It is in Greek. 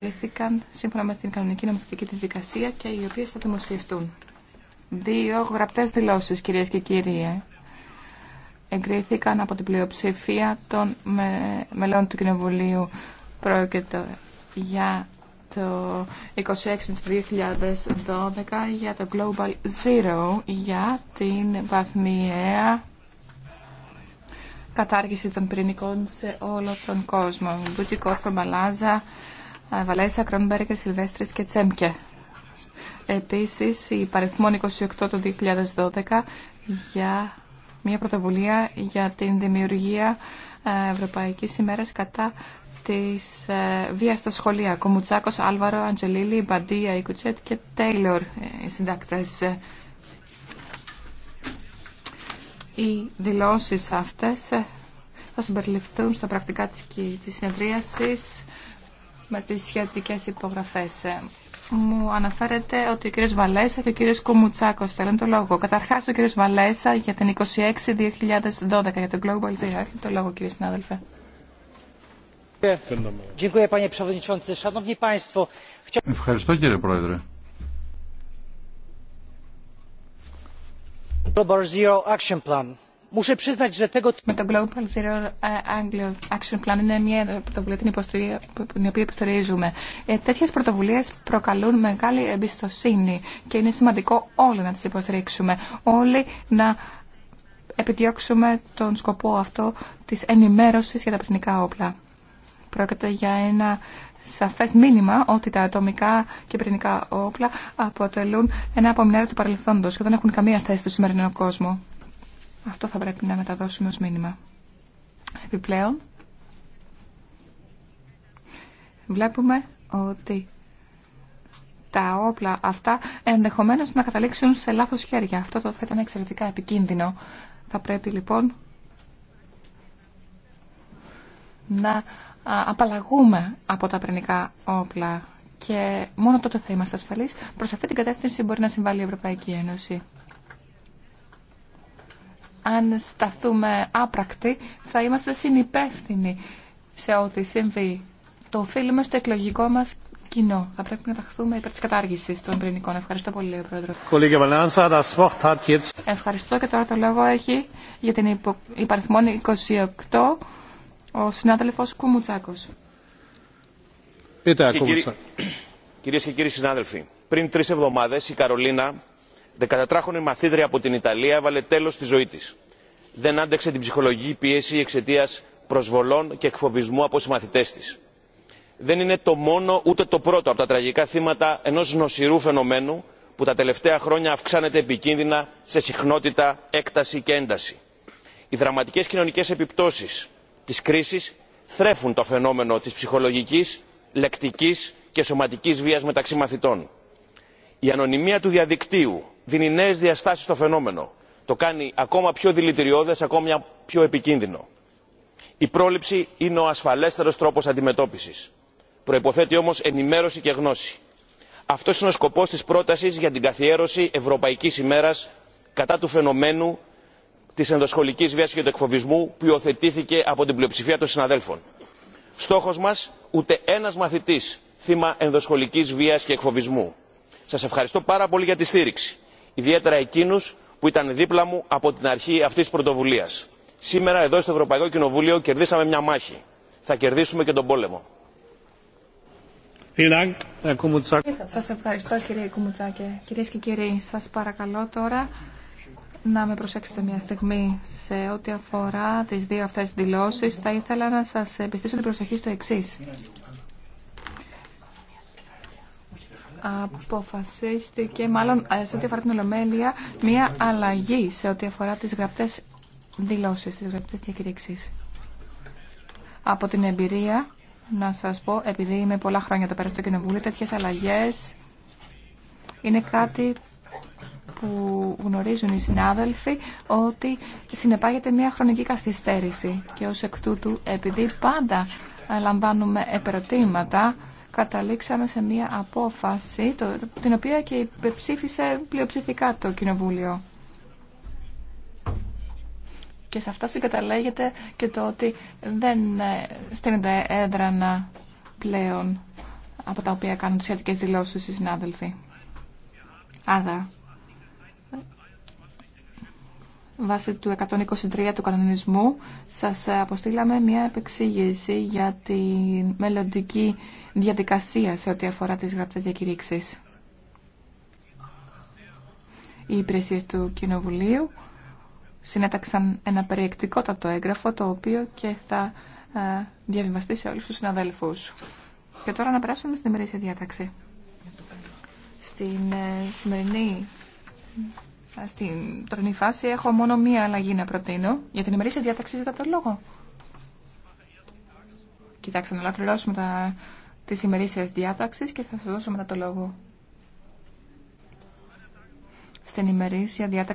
εγκρίθηκαν σύμφωνα με την κανονική νομοθετική διαδικασία και οι οποίες θα δημοσιευτούν. Δύο γραπτές δηλώσεις, κυρίες και κύριοι, εγκρίθηκαν από την πλειοψηφία των μελών του Κοινοβουλίου πρόκειται για το 26 του 2012 για το Global Zero για την βαθμιαία κατάργηση των πυρηνικών σε όλο τον κόσμο. Μπουτικόφε Μπαλάζα, Βαλέσσα, Κρόνμπεργκερ, Σιλβέστρη και Τσέμκε. Επίση, η παριθμόν 28 του 2012 για μια πρωτοβουλία για την δημιουργία ε, Ευρωπαϊκή ημέρα κατά τη ε, βία στα σχολεία. Κομουτσάκος, Άλβαρο, Αντζελίλη, Μπαντία, Ικουτσέτ και Τέιλορ, ε, οι συντακτέ. Οι δηλώσεις αυτές θα συμπεριληφθούν στα πρακτικά της συνεδρίασης με τις σχετικές υπογραφές. Ε, μου αναφέρεται ότι ο κύριος Βαλέσα και ο κύριος Κομουτσάκος θέλουν το λόγο. Καταρχάς ο κύριος Βαλέσα για την 26-2012 για τον Global Zero. Έχετε το λόγο κύριε συνάδελφε. Ευχαριστώ κύριε Πρόεδρε. Global Zero Action Plan με το Global Zero ε, Action Plan είναι μια πρωτοβουλία την, την οποία υποστηρίζουμε. Ε, Τέτοιε πρωτοβουλίε προκαλούν μεγάλη εμπιστοσύνη και είναι σημαντικό όλοι να τι υποστηρίξουμε. Όλοι να επιδιώξουμε τον σκοπό αυτό τη ενημέρωση για τα πυρηνικά όπλα. Πρόκειται για ένα σαφές μήνυμα ότι τα ατομικά και πυρηνικά όπλα αποτελούν ένα απομεινάριο του παρελθόντος και δεν έχουν καμία θέση στο σημερινό κόσμο. Αυτό θα πρέπει να μεταδώσουμε ως μήνυμα. Επιπλέον, βλέπουμε ότι τα όπλα αυτά ενδεχομένως να καταλήξουν σε λάθος χέρια. Αυτό θα ήταν εξαιρετικά επικίνδυνο. Θα πρέπει λοιπόν να απαλλαγούμε από τα πρινικά όπλα και μόνο τότε θα είμαστε ασφαλείς. Προς αυτή την κατεύθυνση μπορεί να συμβάλλει η Ευρωπαϊκή Ένωση αν σταθούμε άπρακτοι, θα είμαστε συνυπεύθυνοι σε ό,τι συμβεί. Το οφείλουμε στο εκλογικό μα κοινό. Θα πρέπει να ταχθούμε υπέρ τη κατάργηση των πυρηνικών. Ευχαριστώ πολύ, Πρόεδρο. Ευχαριστώ και τώρα το λόγο έχει για την υπαριθμόν 28 ο συνάδελφο Κουμουτσάκο. Πείτε, Κυρίες και κύριοι συνάδελφοι, πριν τρει εβδομάδε, η Καρολίνα δεκατετράχονη μαθήτρια από την ιταλία έβαλε τέλος στη ζωή της. δεν άντεξε την ψυχολογική πίεση εξαιτία προσβολών και εκφοβισμού από συμμαθητές της. δεν είναι το μόνο ούτε το πρώτο από τα τραγικά θύματα ενός νοσηρού φαινομένου που τα τελευταία χρόνια αυξάνεται επικίνδυνα σε συχνότητα έκταση και ένταση. οι δραματικές κοινωνικές επιπτώσεις της κρίσης θρέφουν το φαινόμενο της ψυχολογικής λεκτικής και σωματικής βίας μεταξύ μαθητών. η ανωνυμία του διαδικτύου δίνει νέε διαστάσει στο φαινόμενο. Το κάνει ακόμα πιο δηλητηριώδε, ακόμα πιο επικίνδυνο. Η πρόληψη είναι ο ασφαλέστερο τρόπο αντιμετώπιση. Προποθέτει όμω ενημέρωση και γνώση. Αυτό είναι ο σκοπό τη πρόταση για την καθιέρωση Ευρωπαϊκή ημέρα κατά του φαινομένου τη ενδοσχολική βία και του εκφοβισμού που υιοθετήθηκε από την πλειοψηφία των συναδέλφων. Στόχο μα ούτε ένα μαθητή θύμα ενδοσχολική βία και εκφοβισμού. Σα ευχαριστώ πάρα πολύ για τη στήριξη ιδιαίτερα εκείνους που ήταν δίπλα μου από την αρχή αυτής της πρωτοβουλίας. Σήμερα εδώ στο Ευρωπαϊκό Κοινοβούλιο κερδίσαμε μια μάχη. Θα κερδίσουμε και τον πόλεμο. Σας ευχαριστώ κύριε Κουμουτσάκη. Κυρίες και κύριοι, σας παρακαλώ τώρα να με προσέξετε μια στιγμή σε ό,τι αφορά τις δύο αυτές δηλώσεις. Θα ήθελα να σας επιστήσω την προσοχή στο εξής. αποφασίστηκε, μάλλον ε, σε ό,τι αφορά την Ολομέλεια, μία αλλαγή σε ό,τι αφορά τις γραπτές δηλώσεις, τις γραπτές διακηρύξεις. Από την εμπειρία, να σας πω, επειδή είμαι πολλά χρόνια το πέρα στο Κοινοβούλιο, τέτοιες αλλαγές είναι κάτι που γνωρίζουν οι συνάδελφοι ότι συνεπάγεται μια χρονική καθυστέρηση και ως εκ τούτου επειδή πάντα λαμβάνουμε επερωτήματα καταλήξαμε σε μία απόφαση το, την οποία και υπεψήφισε πλειοψηφικά το Κοινοβούλιο. Και σε αυτά συγκαταλέγεται και το ότι δεν ε, στέλνεται έδρανα πλέον από τα οποία κάνουν τις σχετικές δηλώσεις οι συνάδελφοι. Άδα βάσει του 123 του κανονισμού σας αποστήλαμε μια επεξήγηση για τη μελλοντική διαδικασία σε ό,τι αφορά τις γραπτές διακηρύξεις. Οι υπηρεσίες του Κοινοβουλίου συνέταξαν ένα περιεκτικότατο έγγραφο το οποίο και θα ε, διαβιβαστεί σε όλους τους συναδέλφους. Και τώρα να περάσουμε στην ημερήσια διάταξη. Στην ε, σημερινή στην τρονή φάση έχω μόνο μία αλλαγή να προτείνω. Για την ημερήσια διάταξη ζητάτε το λόγο. Κοιτάξτε, να ολοκληρώσουμε τα... τις ημερήσιες διάταξης και θα σα δώσω μετά το λόγο. Στην ημερήσια διάταξη